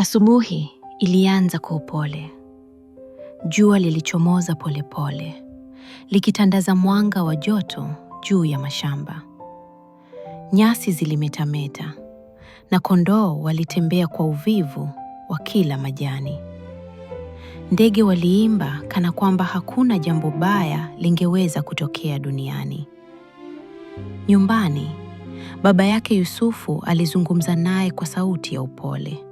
Asubuhi ilianza kwa upole. Jua lilichomoza polepole likitandaza mwanga wa joto juu ya mashamba. Nyasi zilimetameta na kondoo walitembea kwa uvivu wa kila majani. Ndege waliimba kana kwamba hakuna jambo baya lingeweza kutokea duniani. Nyumbani, baba yake Yusufu alizungumza naye kwa sauti ya upole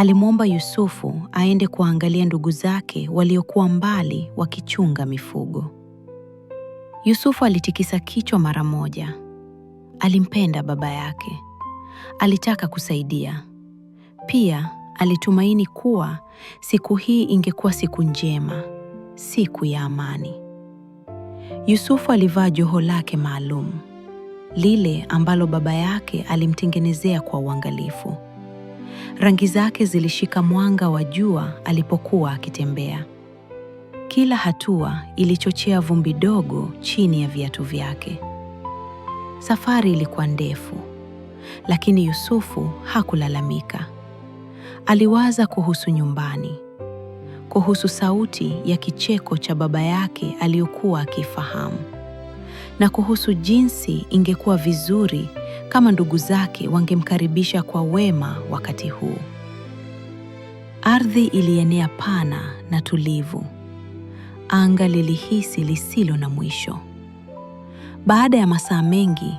alimwomba Yusufu aende kuangalia ndugu zake waliokuwa mbali wakichunga mifugo. Yusufu alitikisa kichwa mara moja. Alimpenda baba yake, alitaka kusaidia. Pia alitumaini kuwa siku hii ingekuwa siku njema, siku ya amani. Yusufu alivaa joho lake maalum, lile ambalo baba yake alimtengenezea kwa uangalifu. Rangi zake zilishika mwanga wa jua alipokuwa akitembea. Kila hatua ilichochea vumbi dogo chini ya viatu vyake. Safari ilikuwa ndefu, lakini Yusufu hakulalamika. Aliwaza kuhusu nyumbani, kuhusu sauti ya kicheko cha baba yake aliyokuwa akifahamu, na kuhusu jinsi ingekuwa vizuri kama ndugu zake wangemkaribisha kwa wema wakati huu. Ardhi ilienea pana na tulivu. Anga lilihisi lisilo na mwisho. Baada ya masaa mengi,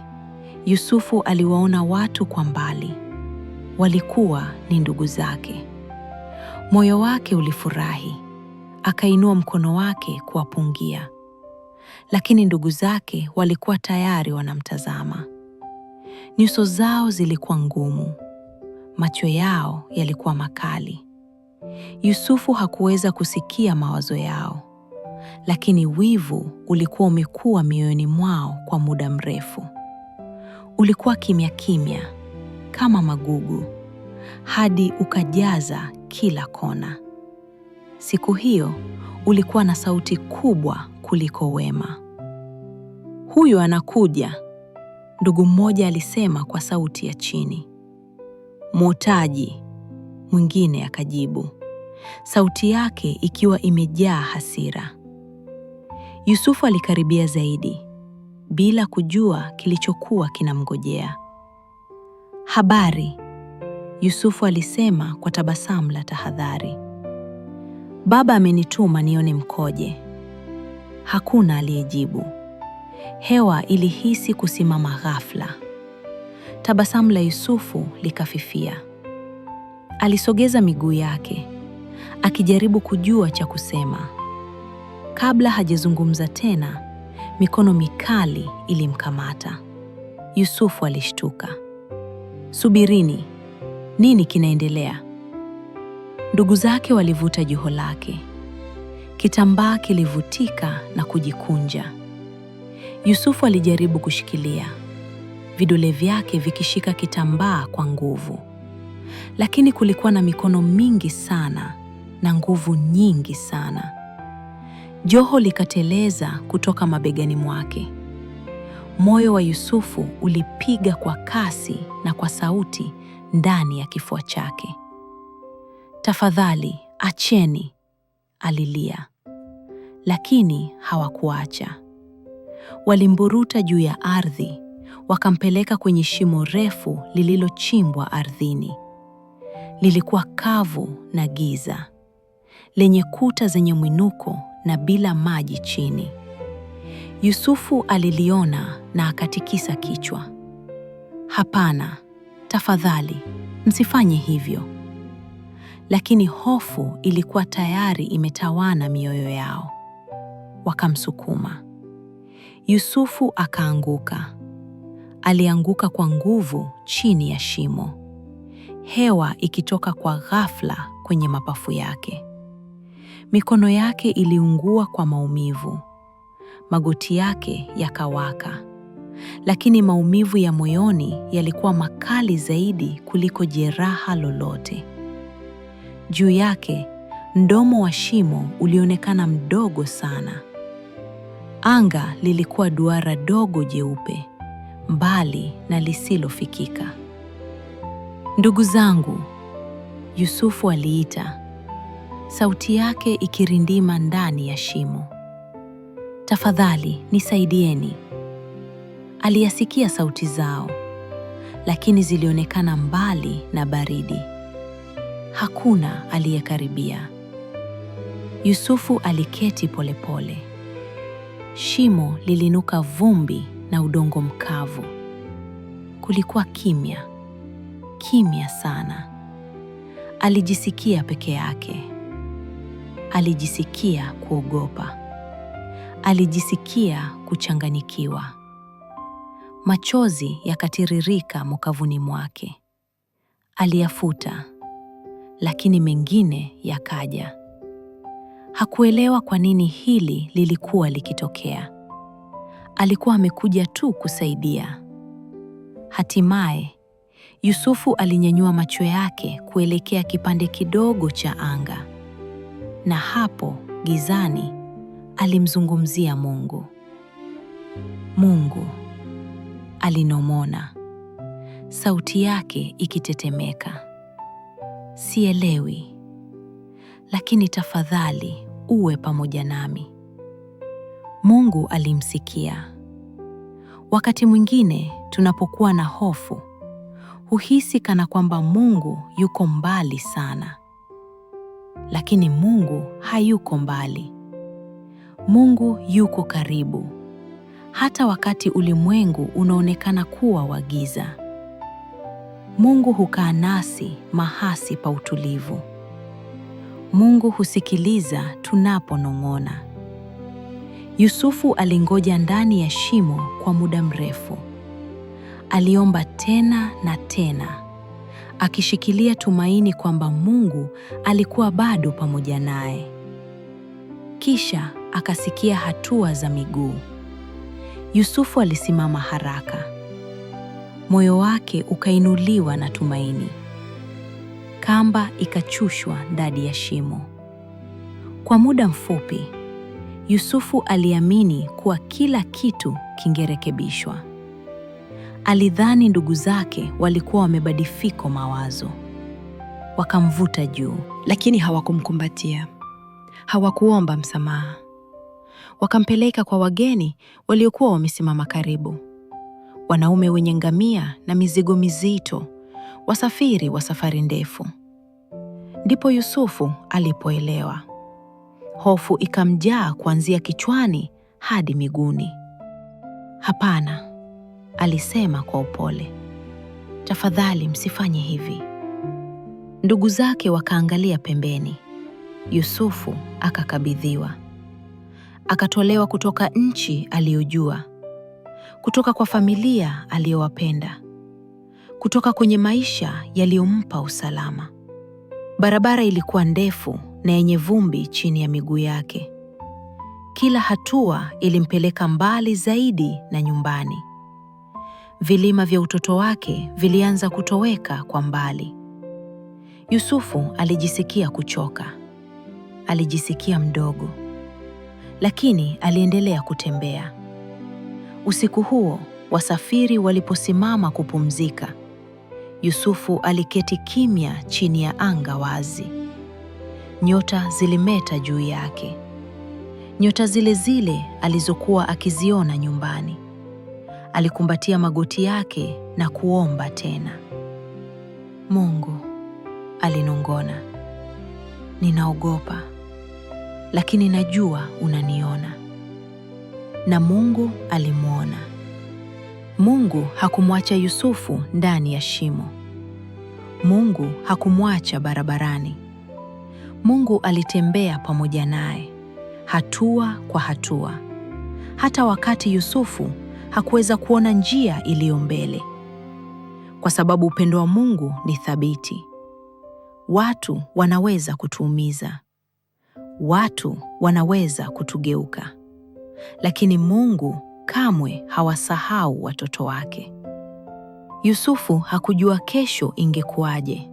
Yusufu aliwaona watu kwa mbali. Walikuwa ni ndugu zake. Moyo wake ulifurahi, akainua mkono wake kuwapungia, lakini ndugu zake walikuwa tayari wanamtazama. Nyuso zao zilikuwa ngumu, macho yao yalikuwa makali. Yusufu hakuweza kusikia mawazo yao, lakini wivu ulikuwa umekuwa mioyoni mwao kwa muda mrefu. Ulikuwa kimya kimya kama magugu, hadi ukajaza kila kona. Siku hiyo ulikuwa na sauti kubwa kuliko wema. huyu anakuja, ndugu mmoja alisema kwa sauti ya chini. Mwotaji, mwingine akajibu, sauti yake ikiwa imejaa hasira. Yusufu alikaribia zaidi bila kujua kilichokuwa kinamgojea Habari, Yusufu alisema kwa tabasamu la tahadhari. Baba amenituma nione mkoje. Hakuna aliyejibu. Hewa ilihisi kusimama ghafla. Tabasamu la Yusufu likafifia. Alisogeza miguu yake akijaribu kujua cha kusema. Kabla hajazungumza tena, mikono mikali ilimkamata. Yusufu alishtuka. Subirini, nini kinaendelea? Ndugu zake walivuta joho lake. Kitambaa kilivutika na kujikunja. Yusufu alijaribu kushikilia, vidole vyake vikishika kitambaa kwa nguvu, lakini kulikuwa na mikono mingi sana na nguvu nyingi sana. Joho likateleza kutoka mabegani mwake. Moyo wa Yusufu ulipiga kwa kasi na kwa sauti ndani ya kifua chake. Tafadhali acheni, alilia, lakini hawakuacha walimburuta juu ya ardhi, wakampeleka kwenye shimo refu lililochimbwa ardhini. Lilikuwa kavu na giza, lenye kuta zenye mwinuko na bila maji chini. Yusufu aliliona na akatikisa kichwa. Hapana, tafadhali, msifanye hivyo. Lakini hofu ilikuwa tayari imetawana mioyo yao. Wakamsukuma. Yusufu akaanguka. Alianguka kwa nguvu chini ya shimo, hewa ikitoka kwa ghafla kwenye mapafu yake. Mikono yake iliungua kwa maumivu, magoti yake yakawaka, lakini maumivu ya moyoni yalikuwa makali zaidi kuliko jeraha lolote. Juu yake, mdomo wa shimo ulionekana mdogo sana, Anga lilikuwa duara dogo jeupe, mbali na lisilofikika. Ndugu zangu, Yusufu aliita, sauti yake ikirindima ndani ya shimo. Tafadhali nisaidieni. Aliyasikia sauti zao, lakini zilionekana mbali na baridi. Hakuna aliyekaribia. Yusufu aliketi polepole pole. Shimo lilinuka vumbi na udongo mkavu. Kulikuwa kimya, kimya sana. Alijisikia peke yake. Alijisikia kuogopa. Alijisikia kuchanganyikiwa. Machozi yakatiririka mokavuni mwake. Aliyafuta, lakini mengine yakaja. Hakuelewa kwa nini hili lilikuwa likitokea. Alikuwa amekuja tu kusaidia. Hatimaye Yusufu alinyanyua macho yake kuelekea kipande kidogo cha anga, na hapo gizani alimzungumzia Mungu. Mungu, alinomona sauti yake ikitetemeka. Sielewi, lakini tafadhali uwe pamoja nami. Mungu alimsikia. Wakati mwingine tunapokuwa na hofu, huhisi kana kwamba Mungu yuko mbali sana. Lakini Mungu hayuko mbali. Mungu yuko karibu. Hata wakati ulimwengu unaonekana kuwa wa giza, Mungu hukaa nasi mahasi pa utulivu. Mungu husikiliza tunaponong'ona. Yusufu alingoja ndani ya shimo kwa muda mrefu. Aliomba tena na tena, akishikilia tumaini kwamba Mungu alikuwa bado pamoja naye. Kisha akasikia hatua za miguu. Yusufu alisimama haraka. Moyo wake ukainuliwa na tumaini kamba ikachushwa ndani ya shimo. Kwa muda mfupi, Yusufu aliamini kuwa kila kitu kingerekebishwa. Alidhani ndugu zake walikuwa wamebadifiko mawazo, wakamvuta juu, lakini hawakumkumbatia, hawakuomba msamaha. Wakampeleka kwa wageni waliokuwa wamesimama karibu, wanaume wenye ngamia na mizigo mizito wasafiri wa safari ndefu. Ndipo Yusufu alipoelewa. Hofu ikamjaa kuanzia kichwani hadi miguuni. Hapana, alisema kwa upole, tafadhali msifanye hivi. Ndugu zake wakaangalia pembeni. Yusufu akakabidhiwa, akatolewa kutoka nchi aliyojua, kutoka kwa familia aliyowapenda, kutoka kwenye maisha yaliyompa usalama. Barabara ilikuwa ndefu na yenye vumbi chini ya miguu yake. Kila hatua ilimpeleka mbali zaidi na nyumbani. Vilima vya utoto wake vilianza kutoweka kwa mbali. Yusufu alijisikia kuchoka, alijisikia mdogo, lakini aliendelea kutembea. Usiku huo wasafiri waliposimama kupumzika, Yusufu aliketi kimya chini ya anga wazi. Nyota zilimeta juu yake, nyota zile zile alizokuwa akiziona nyumbani. Alikumbatia magoti yake na kuomba tena. Mungu, alinong'ona, ninaogopa, lakini najua unaniona. Na Mungu alimwona. Mungu hakumwacha Yusufu ndani ya shimo. Mungu hakumwacha barabarani. Mungu alitembea pamoja naye hatua kwa hatua. Hata wakati Yusufu hakuweza kuona njia iliyo mbele. Kwa sababu upendo wa Mungu ni thabiti. Watu wanaweza kutuumiza. Watu wanaweza kutugeuka. Lakini Mungu kamwe hawasahau watoto wake. Yusufu hakujua kesho ingekuwaje,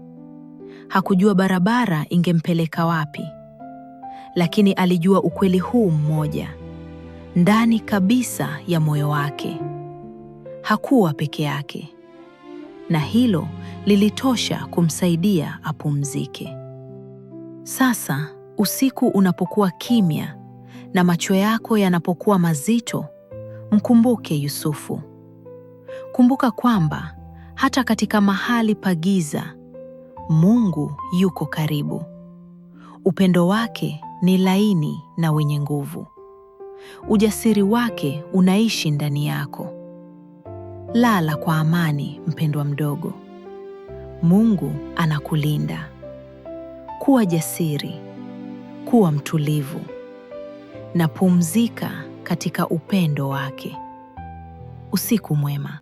hakujua barabara ingempeleka wapi, lakini alijua ukweli huu mmoja ndani kabisa ya moyo wake: hakuwa peke yake, na hilo lilitosha kumsaidia apumzike. Sasa usiku unapokuwa kimya na macho yako yanapokuwa mazito, Mkumbuke Yusufu. Kumbuka kwamba hata katika mahali pa giza, Mungu yuko karibu. Upendo wake ni laini na wenye nguvu. Ujasiri wake unaishi ndani yako. Lala kwa amani, mpendwa mdogo. Mungu anakulinda. Kuwa jasiri, kuwa mtulivu na pumzika katika upendo wake. Usiku mwema.